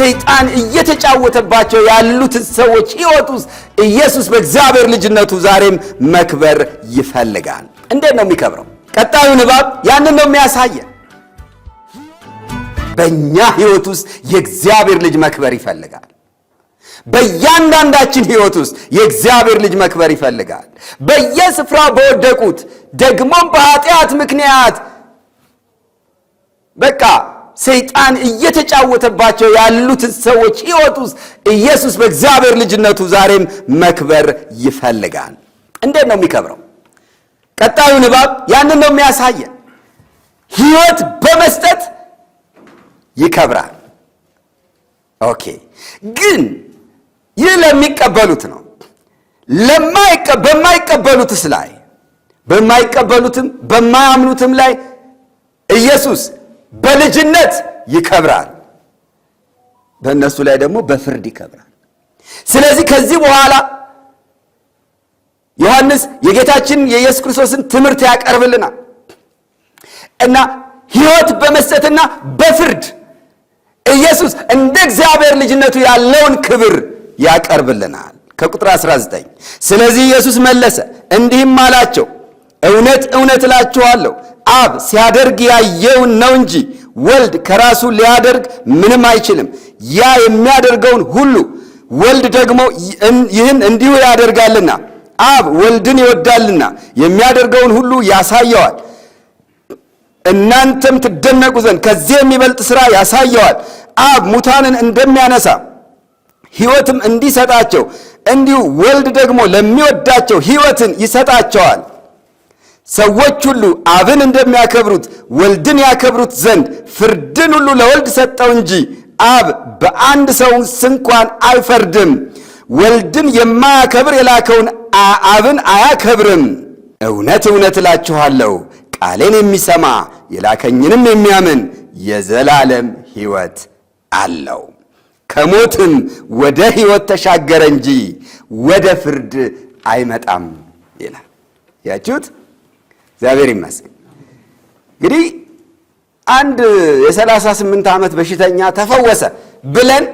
ሰይጣን እየተጫወተባቸው ያሉት ሰዎች ሕይወት ውስጥ ኢየሱስ በእግዚአብሔር ልጅነቱ ዛሬም መክበር ይፈልጋል። እንዴት ነው የሚከብረው? ቀጣዩ ንባብ ያንን ነው የሚያሳየን። በእኛ ሕይወት ውስጥ የእግዚአብሔር ልጅ መክበር ይፈልጋል። በእያንዳንዳችን ሕይወት ውስጥ የእግዚአብሔር ልጅ መክበር ይፈልጋል። በየስፍራው በወደቁት ደግሞም በኃጢአት ምክንያት በቃ ሰይጣን እየተጫወተባቸው ያሉት ሰዎች ህይወት ውስጥ ኢየሱስ በእግዚአብሔር ልጅነቱ ዛሬም መክበር ይፈልጋል። እንዴት ነው የሚከብረው? ቀጣዩ ንባብ ያንን ነው የሚያሳየ ህይወት በመስጠት ይከብራል። ኦኬ፣ ግን ይህ ለሚቀበሉት ነው። በማይቀበሉትስ ላይ በማይቀበሉትም በማያምኑትም ላይ ኢየሱስ በልጅነት ይከብራል፣ በእነሱ ላይ ደግሞ በፍርድ ይከብራል። ስለዚህ ከዚህ በኋላ ዮሐንስ የጌታችን የኢየሱስ ክርስቶስን ትምህርት ያቀርብልናል እና ሕይወት በመስጠትና በፍርድ ኢየሱስ እንደ እግዚአብሔር ልጅነቱ ያለውን ክብር ያቀርብልናል። ከቁጥር 19 ስለዚህ ኢየሱስ መለሰ እንዲህም አላቸው፣ እውነት እውነት እላችኋለሁ አብ ሲያደርግ ያየውን ነው እንጂ ወልድ ከራሱ ሊያደርግ ምንም አይችልም። ያ የሚያደርገውን ሁሉ ወልድ ደግሞ ይህን እንዲሁ ያደርጋልና አብ ወልድን ይወዳልና የሚያደርገውን ሁሉ ያሳየዋል። እናንተም ትደነቁ ዘንድ ከዚህ የሚበልጥ ሥራ ያሳየዋል። አብ ሙታንን እንደሚያነሳ ሕይወትም እንዲሰጣቸው እንዲሁ ወልድ ደግሞ ለሚወዳቸው ሕይወትን ይሰጣቸዋል። ሰዎች ሁሉ አብን እንደሚያከብሩት ወልድን ያከብሩት ዘንድ ፍርድን ሁሉ ለወልድ ሰጠው እንጂ አብ በአንድ ሰው ስንኳን አይፈርድም። ወልድን የማያከብር የላከውን አብን አያከብርም። እውነት እውነት እላችኋለሁ ቃሌን የሚሰማ የላከኝንም የሚያምን የዘላለም ሕይወት አለው፣ ከሞትም ወደ ሕይወት ተሻገረ እንጂ ወደ ፍርድ አይመጣም ይላል። ያችሁት እግዚአብሔር ይመስገን። እንግዲህ አንድ የሰላሳ ስምንት ዓመት በሽተኛ ተፈወሰ ብለን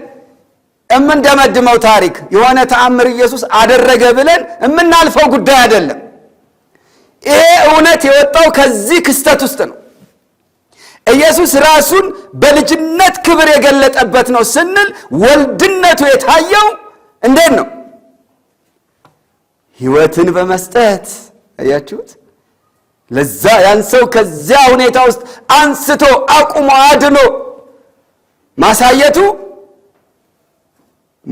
እምንደመድመው ታሪክ የሆነ ተአምር ኢየሱስ አደረገ ብለን እምናልፈው ጉዳይ አይደለም። ይሄ እውነት የወጣው ከዚህ ክስተት ውስጥ ነው። ኢየሱስ ራሱን በልጅነት ክብር የገለጠበት ነው ስንል ወልድነቱ የታየው እንዴት ነው? ሕይወትን በመስጠት አያችሁት? ለዛ ያን ሰው ከዚያ ሁኔታ ውስጥ አንስቶ አቁሞ አድኖ ማሳየቱ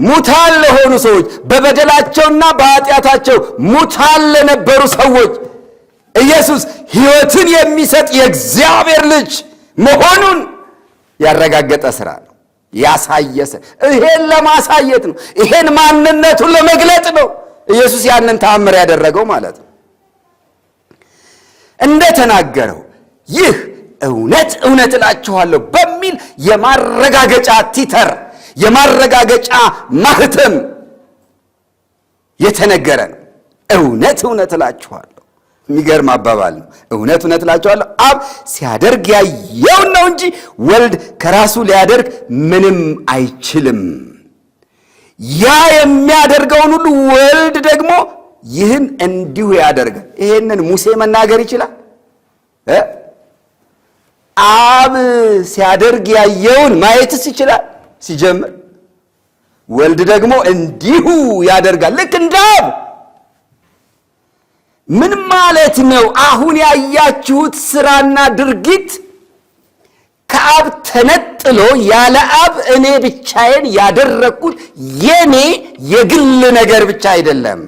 ሙታን ለሆኑ ሰዎች በበደላቸውና በኃጢአታቸው ሙታን ለነበሩ ሰዎች ኢየሱስ ሕይወትን የሚሰጥ የእግዚአብሔር ልጅ መሆኑን ያረጋገጠ ስራ ነው። ያሳየሰ ይሄን ለማሳየት ነው። ይሄን ማንነቱን ለመግለጥ ነው ኢየሱስ ያንን ተአምር ያደረገው ማለት ነው። እንደተናገረው ይህ እውነት እውነት እላችኋለሁ በሚል የማረጋገጫ ቲተር የማረጋገጫ ማህተም የተነገረ ነው። እውነት እውነት እላችኋለሁ። የሚገርም አባባል ነው። እውነት እውነት እላችኋለሁ አብ ሲያደርግ ያየውን ነው እንጂ ወልድ ከራሱ ሊያደርግ ምንም አይችልም። ያ የሚያደርገውን ሁሉ ወልድ ደግሞ ይህን እንዲሁ ያደርጋል። ይሄንን ሙሴ መናገር ይችላል። አብ ሲያደርግ ያየውን ማየትስ ይችላል። ሲጀምር ወልድ ደግሞ እንዲሁ ያደርጋል፣ ልክ እንደ አብ። ምን ማለት ነው? አሁን ያያችሁት ስራና ድርጊት ከአብ ተነጥሎ ያለ አብ እኔ ብቻዬን ያደረግኩት የኔ የግል ነገር ብቻ አይደለም።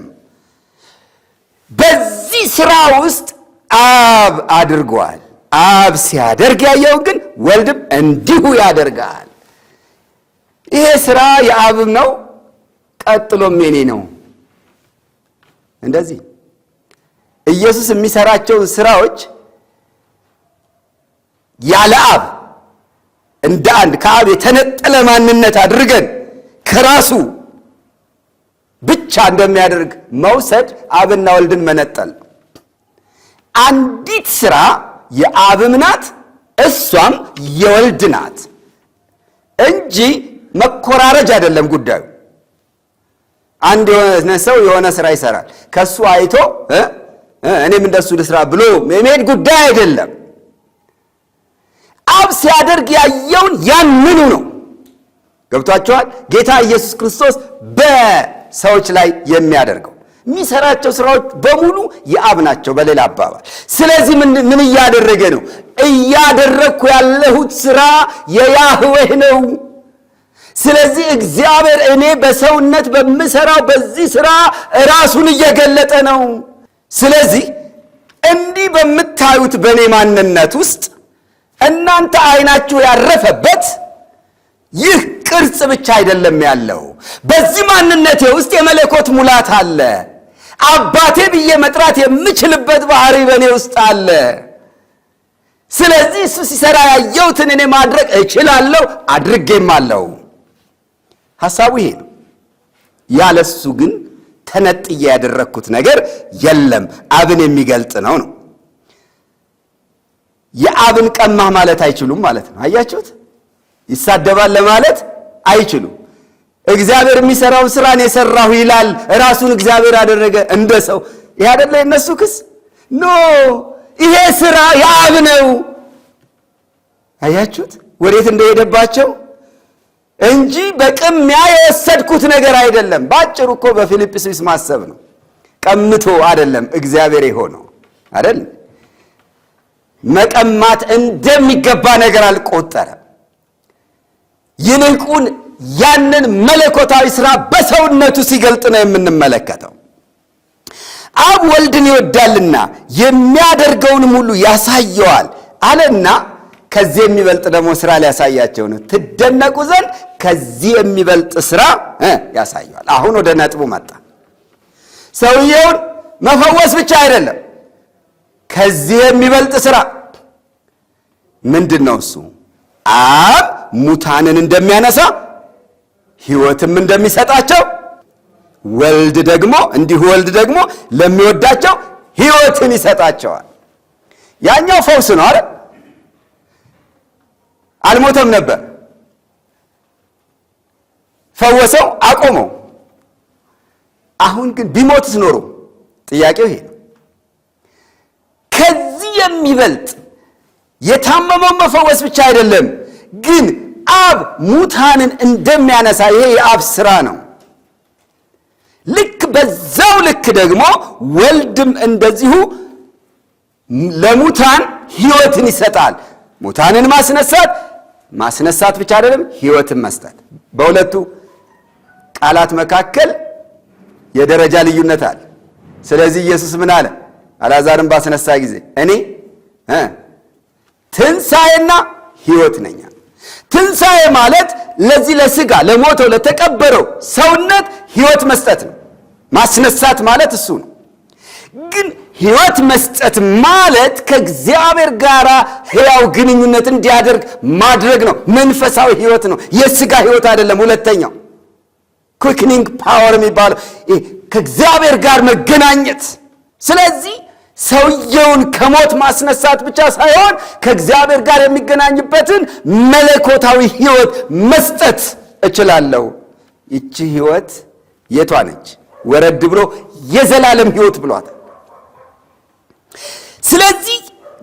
በዚህ ስራ ውስጥ አብ አድርጓል። አብ ሲያደርግ ያየውን ግን ወልድም እንዲሁ ያደርጋል። ይሄ ስራ የአብም ነው፣ ቀጥሎም የኔ ነው። እንደዚህ ኢየሱስ የሚሰራቸውን ስራዎች ያለ አብ እንደ አንድ ከአብ የተነጠለ ማንነት አድርገን ከራሱ ብቻ እንደሚያደርግ መውሰድ አብና ወልድን መነጠል። አንዲት ስራ የአብም ናት እሷም የወልድ ናት እንጂ መኮራረጅ አይደለም ጉዳዩ። አንድ የሆነ ሰው የሆነ ስራ ይሰራል። ከሱ አይቶ እኔም እንደሱ ልስራ ብሎ የመሄድ ጉዳይ አይደለም። አብ ሲያደርግ ያየውን ያንኑ ነው። ገብቷቸዋል ጌታ ኢየሱስ ክርስቶስ በ ሰዎች ላይ የሚያደርገው የሚሰራቸው ስራዎች በሙሉ የአብ ናቸው። በሌላ አባባል ስለዚህ ምን እያደረገ ነው? እያደረግኩ ያለሁት ስራ የያህዌህ ነው። ስለዚህ እግዚአብሔር እኔ በሰውነት በምሰራው በዚህ ስራ ራሱን እየገለጠ ነው። ስለዚህ እንዲህ በምታዩት በእኔ ማንነት ውስጥ እናንተ አይናችሁ ያረፈበት ይህ ቅርጽ ብቻ አይደለም ያለው። በዚህ ማንነቴ ውስጥ የመለኮት ሙላት አለ። አባቴ ብዬ መጥራት የምችልበት ባህሪ በእኔ ውስጥ አለ። ስለዚህ እሱ ሲሰራ ያየሁትን እኔ ማድረግ እችላለሁ፣ አድርጌም አለው። ሐሳቡ ይሄ ነው። ያለሱ ግን ተነጥዬ ያደረግኩት ነገር የለም። አብን የሚገልጥ ነው ነው የአብን ቀማህ ማለት አይችሉም ማለት ነው። አያችሁት? ይሳደባል ለማለት አይችሉም። እግዚአብሔር የሚሰራውን ስራን የሰራሁ ይላል። ራሱን እግዚአብሔር ያደረገ እንደ ሰው። ይህ አይደለ የነሱ ክስ። ኖ ይሄ ስራ የአብ ነው። አያችሁት ወዴት እንደሄደባቸው እንጂ በቅሚያ የወሰድኩት ነገር አይደለም። ባጭሩ እኮ በፊልጵስዩስ ማሰብ ነው። ቀምቶ አይደለም እግዚአብሔር የሆነው አይደለም። መቀማት እንደሚገባ ነገር አልቆጠረም። ይልቁን ያንን መለኮታዊ ስራ በሰውነቱ ሲገልጥ ነው የምንመለከተው። አብ ወልድን ይወዳልና የሚያደርገውንም ሁሉ ያሳየዋል አለና ከዚህ የሚበልጥ ደግሞ ስራ ሊያሳያቸው ነው። ትደነቁ ዘንድ ከዚህ የሚበልጥ ስራ ያሳየዋል። አሁን ወደ ነጥቡ መጣ። ሰውየውን መፈወስ ብቻ አይደለም፣ ከዚህ የሚበልጥ ስራ ምንድን ነው? እሱ አብ ሙታንን እንደሚያነሳ ሕይወትም እንደሚሰጣቸው ወልድ ደግሞ እንዲሁ ወልድ ደግሞ ለሚወዳቸው ሕይወትን ይሰጣቸዋል። ያኛው ፈውስ ነው አይደል? አልሞተም ነበር፣ ፈወሰው፣ አቆመው። አሁን ግን ቢሞትስ ኖሮ ጥያቄው ይሄ ነው። ከዚህ የሚበልጥ የታመመው መፈወስ ብቻ አይደለም ግን አብ ሙታንን እንደሚያነሳ ይሄ የአብ ስራ ነው። ልክ በዛው ልክ ደግሞ ወልድም እንደዚሁ ለሙታን ህይወትን ይሰጣል። ሙታንን ማስነሳት ማስነሳት ብቻ አይደለም፣ ህይወትን መስጠት። በሁለቱ ቃላት መካከል የደረጃ ልዩነት አለ። ስለዚህ ኢየሱስ ምን አለ? አላዛርን ባስነሳ ጊዜ እኔ ትንሣኤና ህይወት ነኛ ትንሣኤ ማለት ለዚህ ለስጋ ለሞተው ለተቀበረው ሰውነት ሕይወት መስጠት ነው። ማስነሳት ማለት እሱ ነው። ግን ሕይወት መስጠት ማለት ከእግዚአብሔር ጋር ሕያው ግንኙነት እንዲያደርግ ማድረግ ነው። መንፈሳዊ ሕይወት ነው፣ የስጋ ሕይወት አይደለም። ሁለተኛው ኩክኒንግ ፓወር የሚባለው ከእግዚአብሔር ጋር መገናኘት ስለዚህ ሰውየውን ከሞት ማስነሳት ብቻ ሳይሆን ከእግዚአብሔር ጋር የሚገናኝበትን መለኮታዊ ህይወት መስጠት እችላለሁ። ይቺ ህይወት የቷ ነች? ወረድ ብሎ የዘላለም ህይወት ብሏታል። ስለዚህ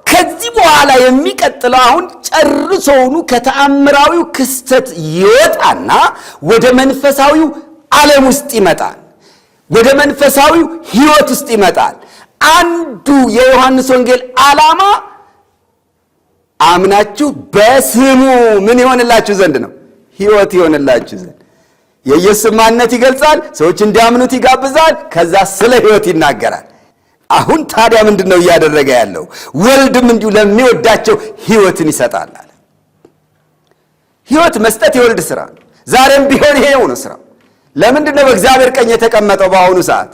ከዚህ በኋላ የሚቀጥለው አሁን ጨርሶውኑ ከተአምራዊው ክስተት ይወጣና ወደ መንፈሳዊው ዓለም ውስጥ ይመጣል። ወደ መንፈሳዊው ህይወት ውስጥ ይመጣል። አንዱ የዮሐንስ ወንጌል ዓላማ አምናችሁ በስሙ ምን ይሆንላችሁ ዘንድ ነው? ህይወት ይሆንላችሁ ዘንድ የኢየሱስ ማንነት ይገልጻል። ሰዎች እንዲያምኑት ይጋብዛል። ከዛ ስለ ህይወት ይናገራል። አሁን ታዲያ ምንድን ነው እያደረገ ያለው? ወልድም እንዲሁ ለሚወዳቸው ህይወትን ይሰጣል አለ። ህይወት መስጠት የወልድ ስራ ነው። ዛሬም ቢሆን ይሄው ነው ስራ ለምንድን ነው በእግዚአብሔር ቀኝ የተቀመጠው በአሁኑ ሰዓት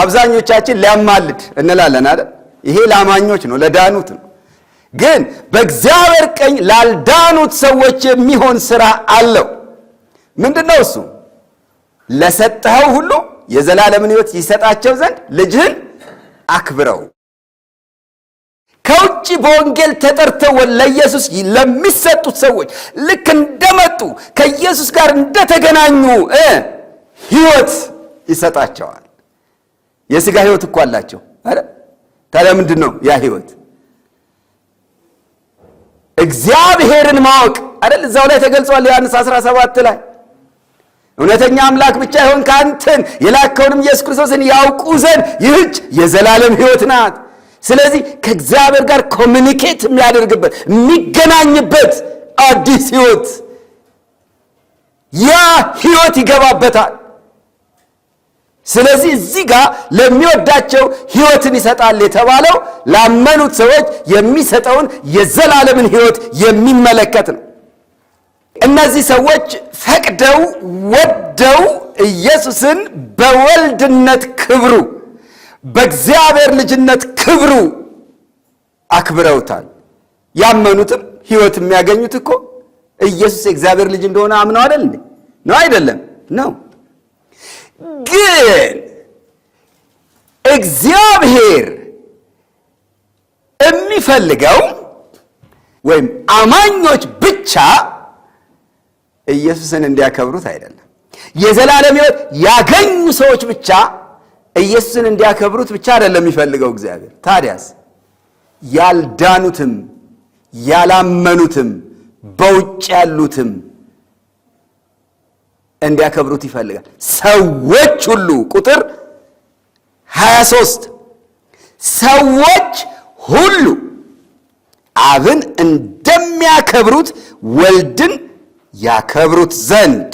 አብዛኞቻችን ሊያማልድ እንላለን አይደል? ይሄ ላማኞች ነው፣ ለዳኑት ነው። ግን በእግዚአብሔር ቀኝ ላልዳኑት ሰዎች የሚሆን ስራ አለው። ምንድን ነው እሱ? ለሰጠኸው ሁሉ የዘላለምን ህይወት ይሰጣቸው ዘንድ ልጅህን አክብረው። ከውጭ በወንጌል ተጠርተው ለኢየሱስ ለሚሰጡት ሰዎች ልክ እንደመጡ ከኢየሱስ ጋር እንደተገናኙ ህይወት ይሰጣቸዋል። የስጋ ህይወት እኮ አላቸው። አረ ታዲያ ምንድን ነው ያ ህይወት? እግዚአብሔርን ማወቅ አይደል? እዛው ላይ ተገልጿል። ዮሐንስ 17 ላይ እውነተኛ አምላክ ብቻ ይሆን ከአንተን የላከውንም ኢየሱስ ክርስቶስን ያውቁ ዘንድ ይህች የዘላለም ህይወት ናት። ስለዚህ ከእግዚአብሔር ጋር ኮሚኒኬት የሚያደርግበት የሚገናኝበት አዲስ ህይወት ያ ህይወት ይገባበታል። ስለዚህ እዚህ ጋር ለሚወዳቸው ሕይወትን ይሰጣል የተባለው ላመኑት ሰዎች የሚሰጠውን የዘላለምን ሕይወት የሚመለከት ነው። እነዚህ ሰዎች ፈቅደው ወደው ኢየሱስን በወልድነት ክብሩ፣ በእግዚአብሔር ልጅነት ክብሩ አክብረውታል። ያመኑትም ሕይወት የሚያገኙት እኮ ኢየሱስ የእግዚአብሔር ልጅ እንደሆነ አምነው አይደል? ነው አይደለም? ነው ግን እግዚአብሔር የሚፈልገው ወይም አማኞች ብቻ ኢየሱስን እንዲያከብሩት አይደለም። የዘላለም ሕይወት ያገኙ ሰዎች ብቻ ኢየሱስን እንዲያከብሩት ብቻ አይደለም የሚፈልገው እግዚአብሔር። ታዲያስ ያልዳኑትም ያላመኑትም በውጭ ያሉትም እንዲያከብሩት ይፈልጋል። ሰዎች ሁሉ ቁጥር 23 ሰዎች ሁሉ አብን እንደሚያከብሩት ወልድን ያከብሩት ዘንድ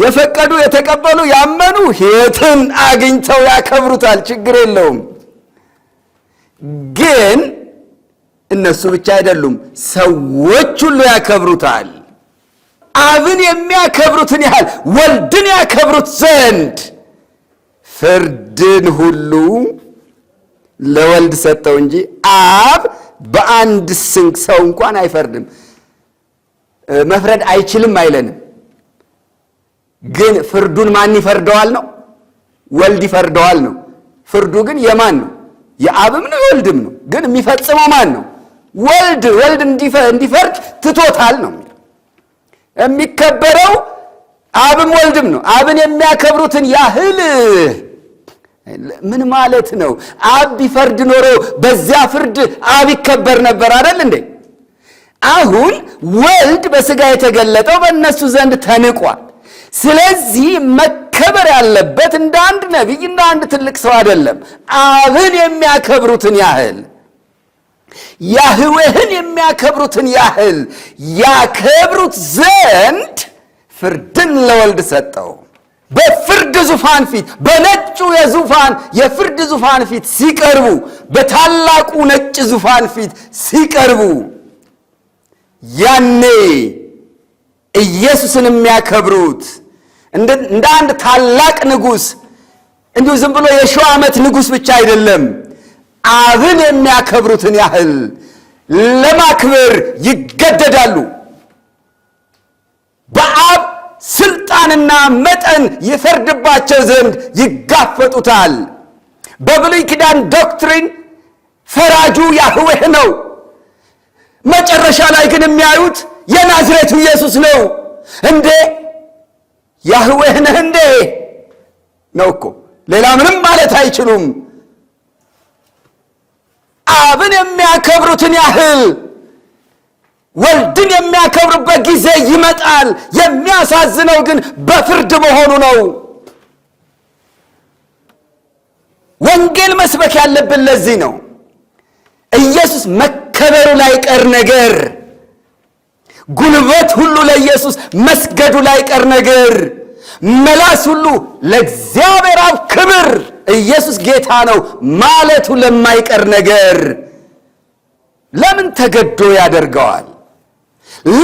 የፈቀዱ የተቀበሉ ያመኑ ሕይወትን አግኝተው ያከብሩታል። ችግር የለውም። ግን እነሱ ብቻ አይደሉም፣ ሰዎች ሁሉ ያከብሩታል። አብን የሚያከብሩትን ያህል ወልድን ያከብሩት ዘንድ ፍርድን ሁሉ ለወልድ ሰጠው እንጂ አብ በአንድ ስንክ ሰው እንኳን አይፈርድም። መፍረድ አይችልም አይለንም። ግን ፍርዱን ማን ይፈርደዋል ነው? ወልድ ይፈርደዋል ነው። ፍርዱ ግን የማን ነው? የአብም ነው የወልድም ነው። ግን የሚፈጽመው ማን ነው? ወልድ ወልድ እንዲፈርድ ትቶታል ነው። የሚከበረው አብም ወልድም ነው። አብን የሚያከብሩትን ያህል ምን ማለት ነው? አብ ቢፈርድ ኖሮ በዚያ ፍርድ አብ ይከበር ነበር አይደል እንዴ? አሁን ወልድ በስጋ የተገለጠው በእነሱ ዘንድ ተንቋል። ስለዚህ መከበር ያለበት እንደ አንድ ነቢይ፣ እንደ አንድ ትልቅ ሰው አይደለም፣ አብን የሚያከብሩትን ያህል ያህዌህን የሚያከብሩትን ያህል ያከብሩት ዘንድ ፍርድን ለወልድ ሰጠው። በፍርድ ዙፋን ፊት በነጩ የዙፋን የፍርድ ዙፋን ፊት ሲቀርቡ በታላቁ ነጭ ዙፋን ፊት ሲቀርቡ ያኔ ኢየሱስን የሚያከብሩት እንደ አንድ ታላቅ ንጉሥ እንዲሁ ዝም ብሎ የሸው ዓመት ንጉሥ ብቻ አይደለም። አብን የሚያከብሩትን ያህል ለማክበር ይገደዳሉ። በአብ ስልጣንና መጠን ይፈርድባቸው ዘንድ ይጋፈጡታል። በብሉይ ኪዳን ዶክትሪን ፈራጁ ያህዌህ ነው። መጨረሻ ላይ ግን የሚያዩት የናዝሬቱ ኢየሱስ ነው። እንዴ ያህዌህ ነህ እንዴ? ነው እኮ ሌላ ምንም ማለት አይችሉም። አብን የሚያከብሩትን ያህል ወልድን የሚያከብሩበት ጊዜ ይመጣል። የሚያሳዝነው ግን በፍርድ መሆኑ ነው። ወንጌል መስበክ ያለብን ለዚህ ነው። ኢየሱስ መከበሩ ላይቀር ነገር፣ ጉልበት ሁሉ ለኢየሱስ መስገዱ ላይቀር ነገር መላስ ሁሉ ለእግዚአብሔር አብ ክብር ኢየሱስ ጌታ ነው ማለቱ ለማይቀር ነገር ለምን ተገዶ ያደርገዋል?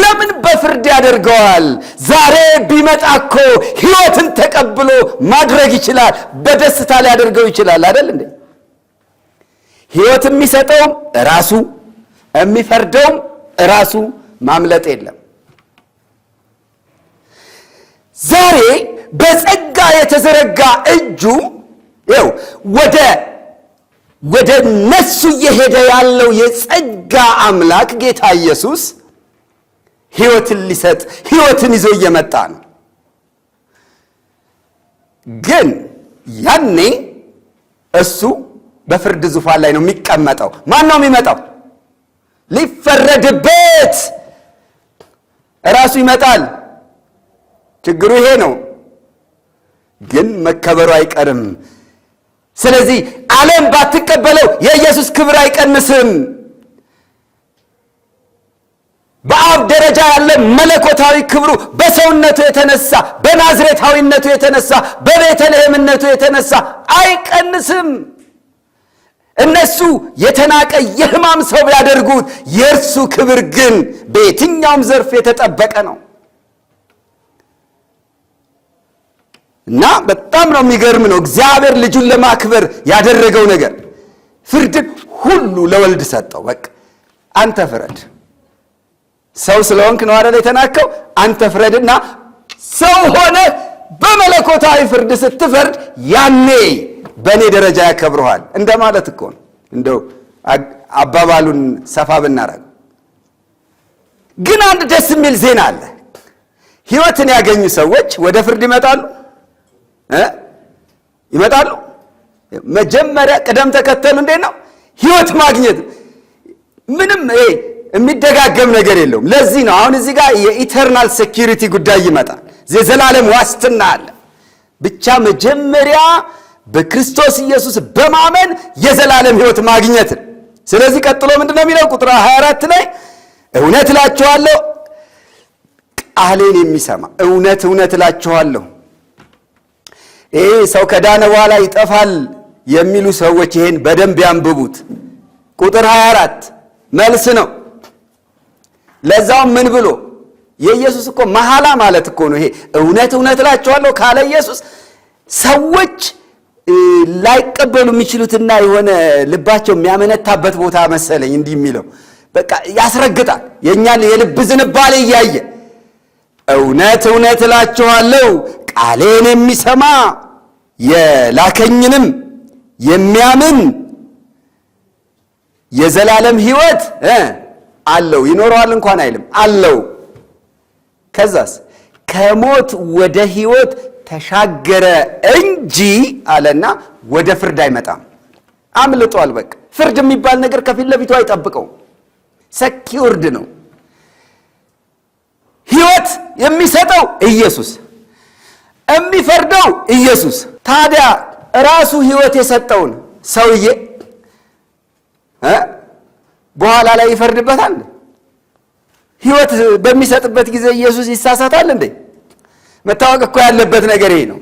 ለምን በፍርድ ያደርገዋል? ዛሬ ቢመጣ እኮ ሕይወትን ተቀብሎ ማድረግ ይችላል። በደስታ ሊያደርገው ይችላል። አይደል እንዴ? ሕይወት የሚሰጠውም ራሱ የሚፈርደውም ራሱ ማምለጥ የለም። ዛሬ በጸጋ የተዘረጋ እጁ ው ወደ ወደ ነሱ እየሄደ ያለው የጸጋ አምላክ ጌታ ኢየሱስ ሕይወትን ሊሰጥ ሕይወትን ይዞ እየመጣ ነው። ግን ያኔ እሱ በፍርድ ዙፋን ላይ ነው የሚቀመጠው። ማን ነው የሚመጣው? ሊፈረድበት እራሱ ይመጣል። ችግሩ ይሄ ነው። ግን መከበሩ አይቀርም። ስለዚህ ዓለም ባትቀበለው የኢየሱስ ክብር አይቀንስም። በአብ ደረጃ ያለ መለኮታዊ ክብሩ በሰውነቱ የተነሳ በናዝሬታዊነቱ የተነሳ በቤተልሔምነቱ የተነሳ አይቀንስም። እነሱ የተናቀ የሕማም ሰው ቢያደርጉት፣ የእርሱ ክብር ግን በየትኛውም ዘርፍ የተጠበቀ ነው። እና በጣም ነው የሚገርም ነው እግዚአብሔር ልጁን ለማክበር ያደረገው ነገር። ፍርድ ሁሉ ለወልድ ሰጠው። በቃ አንተ ፍረድ፣ ሰው ስለሆንክ ነው አደለ የተናከው? አንተ ፍረድና ሰው ሆነ በመለኮታዊ ፍርድ ስትፈርድ ያኔ በእኔ ደረጃ ያከብረዋል እንደማለት እኮ ነው። እንደው አባባሉን ሰፋ ብናረግ ግን አንድ ደስ የሚል ዜና አለ። ህይወትን ያገኙ ሰዎች ወደ ፍርድ ይመጣሉ ይመጣሉ። መጀመሪያ ቅደም ተከተሉ እንዴት ነው? ህይወት ማግኘት ምንም የሚደጋገም ነገር የለውም። ለዚህ ነው አሁን እዚህ ጋር የኢተርናል ሴኪሪቲ ጉዳይ ይመጣል። የዘላለም ዋስትና አለ። ብቻ መጀመሪያ በክርስቶስ ኢየሱስ በማመን የዘላለም ህይወት ማግኘት። ስለዚህ ቀጥሎ ነው የሚለው? ቁጥር 24 ላይ እውነት እላችኋለሁ ቃሌን የሚሰማ እውነት እውነት እላችኋለሁ ይሄ ሰው ከዳነ በኋላ ይጠፋል የሚሉ ሰዎች ይሄን በደንብ ያንብቡት። ቁጥር 24 መልስ ነው። ለዛውም ምን ብሎ የኢየሱስ እኮ መሐላ ማለት እኮ ነው ይሄ። እውነት እውነት እላችኋለሁ ካለ ኢየሱስ ሰዎች ላይቀበሉ የሚችሉትና የሆነ ልባቸው የሚያመነታበት ቦታ መሰለኝ እንዲህ የሚለው በቃ ያስረግጣል። የእኛን የልብ ዝንባሌ እያየ እውነት እውነት እላችኋለሁ ቃሌን የሚሰማ የላከኝንም የሚያምን የዘላለም ሕይወት አለው። ይኖረዋል እንኳን አይልም አለው። ከዛስ ከሞት ወደ ሕይወት ተሻገረ እንጂ አለና ወደ ፍርድ አይመጣም። አምልጧል። በቃ ፍርድ የሚባል ነገር ከፊት ለፊቱ አይጠብቀው ሰኪውርድ ነው። ሕይወት የሚሰጠው ኢየሱስ የሚፈርደው ኢየሱስ። ታዲያ ራሱ ህይወት የሰጠውን ሰውዬ በኋላ ላይ ይፈርድበታል? ህይወት በሚሰጥበት ጊዜ ኢየሱስ ይሳሳታል እንዴ? መታወቅ እኮ ያለበት ነገር ይሄ ነው።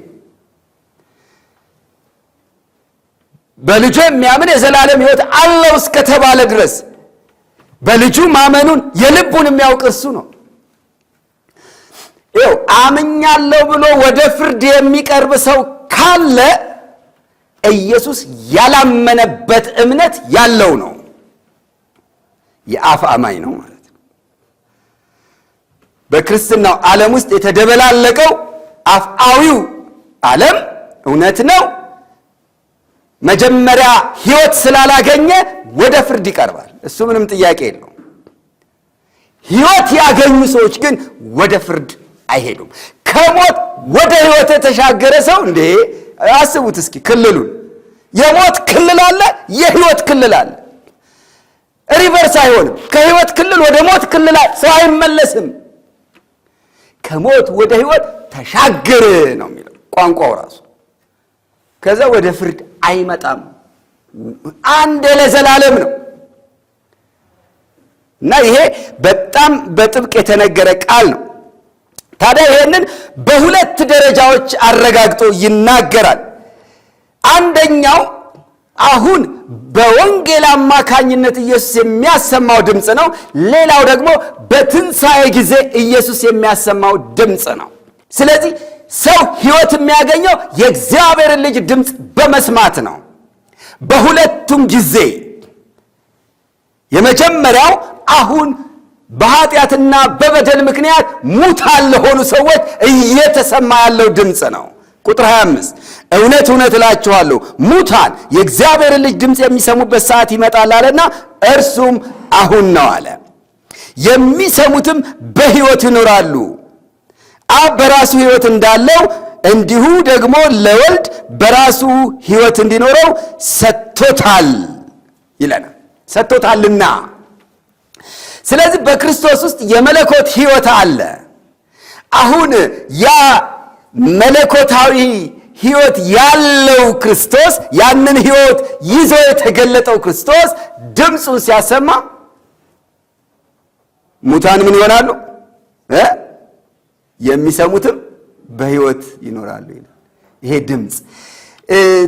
በልጁ የሚያምን የዘላለም ህይወት አለው እስከተባለ ድረስ በልጁ ማመኑን የልቡን የሚያውቅ እሱ ነው። ይኸው አምኛለሁ ብሎ ወደ ፍርድ የሚቀርብ ሰው ካለ ኢየሱስ ያላመነበት እምነት ያለው ነው። የአፍ አማኝ ነው ማለት ነው። በክርስትናው ዓለም ውስጥ የተደበላለቀው አፍአዊው ዓለም እውነት ነው። መጀመሪያ ሕይወት ስላላገኘ ወደ ፍርድ ይቀርባል። እሱ ምንም ጥያቄ የለው። ሕይወት ያገኙ ሰዎች ግን ወደ ፍርድ አይሄዱም። ከሞት ወደ ህይወት የተሻገረ ሰው እንዴ አስቡት እስኪ ክልሉን። የሞት ክልል አለ፣ የህይወት ክልል አለ። ሪቨርስ አይሆንም። ከህይወት ክልል ወደ ሞት ክልል ሰው አይመለስም። ከሞት ወደ ህይወት ተሻገረ ነው የሚለው ቋንቋው ራሱ። ከዛ ወደ ፍርድ አይመጣም። አንድ ለዘላለም ነው እና ይሄ በጣም በጥብቅ የተነገረ ቃል ነው። ታዲያ ይህንን በሁለት ደረጃዎች አረጋግጦ ይናገራል። አንደኛው አሁን በወንጌል አማካኝነት ኢየሱስ የሚያሰማው ድምፅ ነው። ሌላው ደግሞ በትንሣኤ ጊዜ ኢየሱስ የሚያሰማው ድምፅ ነው። ስለዚህ ሰው ሕይወት የሚያገኘው የእግዚአብሔርን ልጅ ድምፅ በመስማት ነው። በሁለቱም ጊዜ የመጀመሪያው አሁን በኃጢአትና በበደል ምክንያት ሙታን ለሆኑ ሰዎች እየተሰማ ያለው ድምፅ ነው። ቁጥር 25 እውነት እውነት እላችኋለሁ ሙታን የእግዚአብሔርን ልጅ ድምፅ የሚሰሙበት ሰዓት ይመጣል አለና እርሱም አሁን ነው አለ። የሚሰሙትም በሕይወት ይኖራሉ። አብ በራሱ ሕይወት እንዳለው እንዲሁ ደግሞ ለወልድ በራሱ ሕይወት እንዲኖረው ሰጥቶታል ይለናል። ሰጥቶታልና ስለዚህ በክርስቶስ ውስጥ የመለኮት ህይወት አለ። አሁን ያ መለኮታዊ ህይወት ያለው ክርስቶስ ያንን ህይወት ይዞ የተገለጠው ክርስቶስ ድምፁን ሲያሰማ ሙታን ምን ይሆናሉ? የሚሰሙትም በህይወት ይኖራሉ ይሄ ድምፅ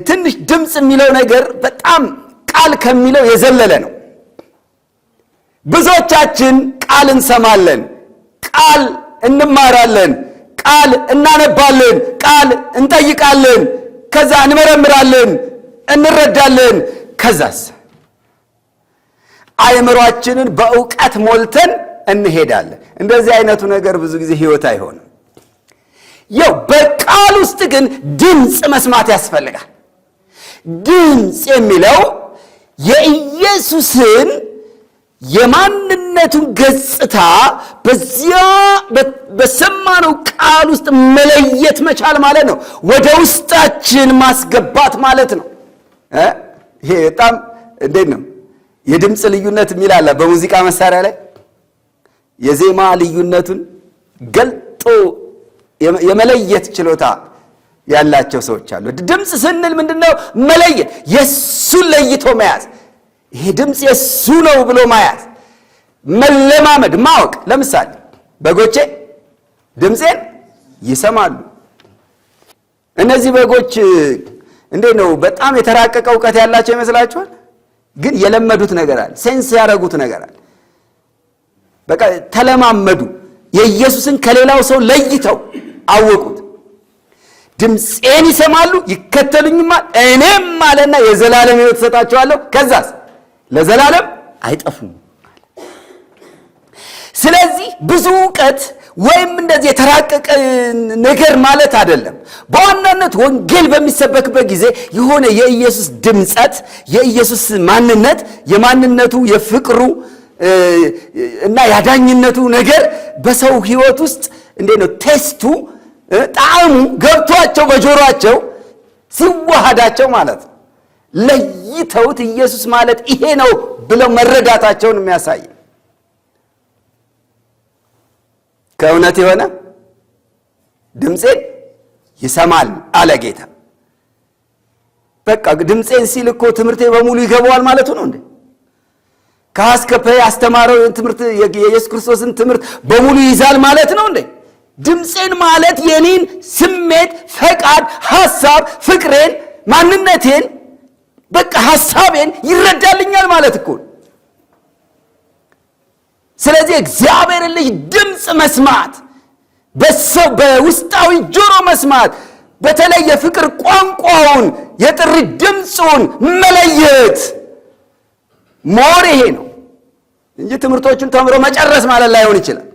ትንሽ ድምፅ የሚለው ነገር በጣም ቃል ከሚለው የዘለለ ነው። ብዙዎቻችን ቃል እንሰማለን፣ ቃል እንማራለን፣ ቃል እናነባለን፣ ቃል እንጠይቃለን፣ ከዛ እንመረምራለን፣ እንረዳለን። ከዛስ አእምሯችንን በእውቀት ሞልተን እንሄዳለን። እንደዚህ አይነቱ ነገር ብዙ ጊዜ ህይወት አይሆንም። ያው በቃል ውስጥ ግን ድምፅ መስማት ያስፈልጋል። ድምፅ የሚለው የኢየሱስን የማንነቱን ገጽታ በዚያ በሰማነው ቃል ውስጥ መለየት መቻል ማለት ነው። ወደ ውስጣችን ማስገባት ማለት ነው። ይሄ በጣም እንዴት ነው የድምፅ ልዩነት የሚላለ በሙዚቃ መሳሪያ ላይ የዜማ ልዩነቱን ገልጦ የመለየት ችሎታ ያላቸው ሰዎች አሉ። ድምፅ ስንል ምንድን ነው? መለየት፣ የእሱን ለይቶ መያዝ ይሄ ድምፅ የሱ ነው ብሎ ማያዝ መለማመድ ማወቅ። ለምሳሌ በጎቼ ድምፄን ይሰማሉ። እነዚህ በጎች እንዴት ነው በጣም የተራቀቀ እውቀት ያላቸው ይመስላችኋል? ግን የለመዱት ነገር አለ፣ ሴንስ ያደረጉት ነገር አለ። በቃ ተለማመዱ። የኢየሱስን ከሌላው ሰው ለይተው አወቁት። ድምፄን ይሰማሉ፣ ይከተሉኝማል፣ እኔም አለና የዘላለም ህይወት እሰጣቸዋለሁ። ከዛስ ለዘላለም አይጠፉም። ስለዚህ ብዙ እውቀት ወይም እንደዚህ የተራቀቀ ነገር ማለት አይደለም። በዋናነት ወንጌል በሚሰበክበት ጊዜ የሆነ የኢየሱስ ድምፀት፣ የኢየሱስ ማንነት፣ የማንነቱ የፍቅሩ እና ያዳኝነቱ ነገር በሰው ሕይወት ውስጥ እንዴት ነው ቴስቱ ጣዕሙ ገብቷቸው በጆሯቸው ሲዋሃዳቸው ማለት ለይተውት ኢየሱስ ማለት ይሄ ነው ብለው መረዳታቸውን የሚያሳይ ከእውነት የሆነ ድምፄን ይሰማል አለ ጌታ። በቃ ድምፄን ሲል እኮ ትምህርቴ በሙሉ ይገባዋል ማለቱ ነው እንዴ? ከአስከፐ ያስተማረው ትምህርት የኢየሱስ ክርስቶስን ትምህርት በሙሉ ይይዛል ማለት ነው እንዴ? ድምፄን ማለት የኔን ስሜት፣ ፈቃድ፣ ሐሳብ፣ ፍቅሬን፣ ማንነቴን በቃ ሀሳቤን ይረዳልኛል ማለት እኮ። ስለዚህ እግዚአብሔር ልጅ ድምፅ መስማት በሰው በውስጣዊ ጆሮ መስማት፣ በተለይ የፍቅር ቋንቋውን የጥሪ ድምፁን መለየት ሞር ይሄ ነው እንጂ ትምህርቶቹን ተምሮ መጨረስ ማለት ላይሆን ይችላል።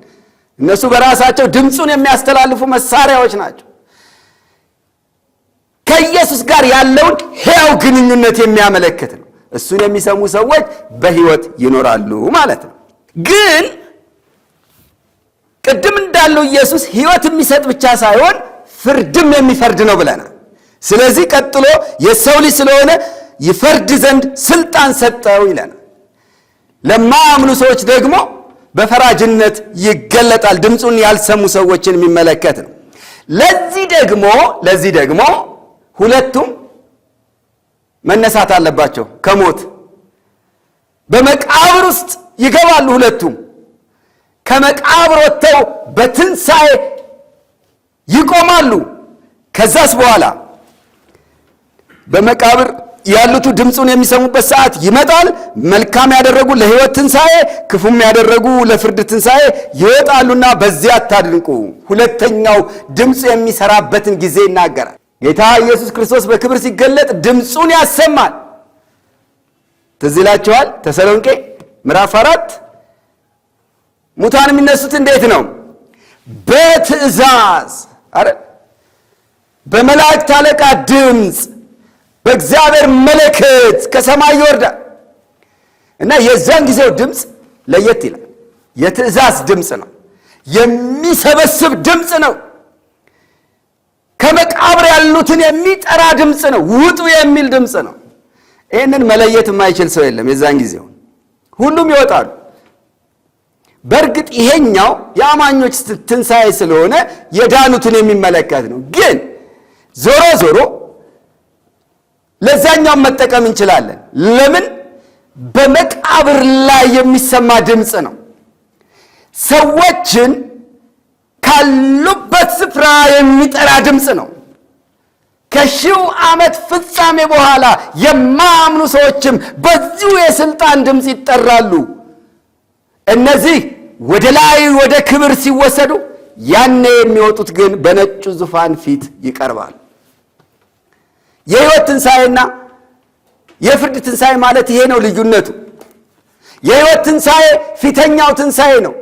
እነሱ በራሳቸው ድምፁን የሚያስተላልፉ መሳሪያዎች ናቸው። ከኢየሱስ ጋር ያለውን ሕያው ግንኙነት የሚያመለክት ነው። እሱን የሚሰሙ ሰዎች በሕይወት ይኖራሉ ማለት ነው። ግን ቅድም እንዳለው ኢየሱስ ሕይወት የሚሰጥ ብቻ ሳይሆን ፍርድም የሚፈርድ ነው ብለናል። ስለዚህ ቀጥሎ የሰው ልጅ ስለሆነ ይፈርድ ዘንድ ስልጣን ሰጠው ይለናል። ለማያምኑ ሰዎች ደግሞ በፈራጅነት ይገለጣል። ድምፁን ያልሰሙ ሰዎችን የሚመለከት ነው። ለዚህ ደግሞ ለዚህ ደግሞ ሁለቱም መነሳት አለባቸው ከሞት በመቃብር ውስጥ ይገባሉ። ሁለቱም ከመቃብር ወጥተው በትንሣኤ ይቆማሉ። ከዛስ በኋላ በመቃብር ያሉቱ ድምፁን የሚሰሙበት ሰዓት ይመጣል። መልካም ያደረጉ ለህይወት ትንሣኤ፣ ክፉም ያደረጉ ለፍርድ ትንሣኤ ይወጣሉና በዚያ አታድንቁ። ሁለተኛው ድምፅ የሚሰራበትን ጊዜ ይናገራል። ጌታ ኢየሱስ ክርስቶስ በክብር ሲገለጥ ድምፁን ያሰማል። ትዝ ይላችኋል ተሰሎንቄ ምዕራፍ አራት ሙታን የሚነሱት እንዴት ነው? በትእዛዝ አረ በመላእክት አለቃ ድምፅ በእግዚአብሔር መለከት ከሰማይ ይወርዳል እና የዛን ጊዜው ድምፅ ለየት ይላል። የትእዛዝ ድምፅ ነው፣ የሚሰበስብ ድምፅ ነው። ከመቃብር ያሉትን የሚጠራ ድምፅ ነው፣ ውጡ የሚል ድምፅ ነው። ይህንን መለየት የማይችል ሰው የለም። የዛን ጊዜው ሁሉም ይወጣሉ። በእርግጥ ይሄኛው የአማኞች ትንሣኤ ስለሆነ የዳኑትን የሚመለከት ነው። ግን ዞሮ ዞሮ ለዛኛው መጠቀም እንችላለን። ለምን? በመቃብር ላይ የሚሰማ ድምፅ ነው ሰዎችን ካሉበት ስፍራ የሚጠራ ድምፅ ነው። ከሺው ዓመት ፍጻሜ በኋላ የማያምኑ ሰዎችም በዚሁ የሥልጣን ድምፅ ይጠራሉ። እነዚህ ወደ ላይ ወደ ክብር ሲወሰዱ፣ ያኔ የሚወጡት ግን በነጩ ዙፋን ፊት ይቀርባል። የሕይወት ትንሣኤና የፍርድ ትንሣኤ ማለት ይሄ ነው ልዩነቱ። የሕይወት ትንሣኤ ፊተኛው ትንሣኤ ነው።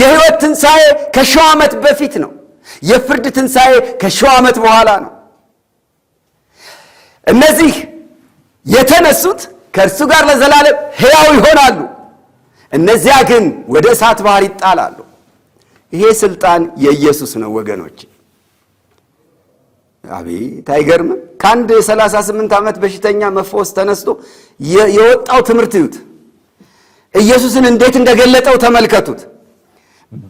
የህይወት ትንሣኤ ከሺው ዓመት በፊት ነው። የፍርድ ትንሣኤ ከሺው ዓመት በኋላ ነው። እነዚህ የተነሱት ከእርሱ ጋር ለዘላለም ሕያው ይሆናሉ። እነዚያ ግን ወደ እሳት ባህር ይጣላሉ። ይሄ ሥልጣን የኢየሱስ ነው ወገኖች። አቤት አይገርምም! ከአንድ የ38 ዓመት በሽተኛ መፎስ ተነስቶ የወጣው ትምህርት ዩት ኢየሱስን እንዴት እንደገለጠው ተመልከቱት።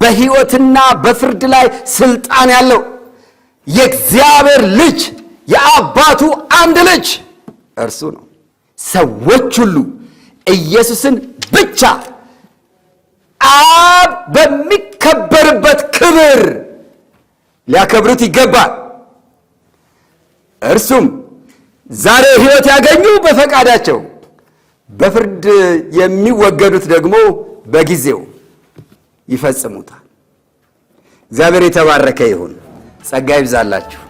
በሕይወትና በፍርድ ላይ ስልጣን ያለው የእግዚአብሔር ልጅ የአባቱ አንድ ልጅ እርሱ ነው። ሰዎች ሁሉ ኢየሱስን ብቻ አብ በሚከበርበት ክብር ሊያከብሩት ይገባል። እርሱም ዛሬ ሕይወት ያገኙ በፈቃዳቸው፣ በፍርድ የሚወገዱት ደግሞ በጊዜው ይፈጽሙታል። እግዚአብሔር የተባረከ ይሁን። ጸጋ ይብዛላችሁ።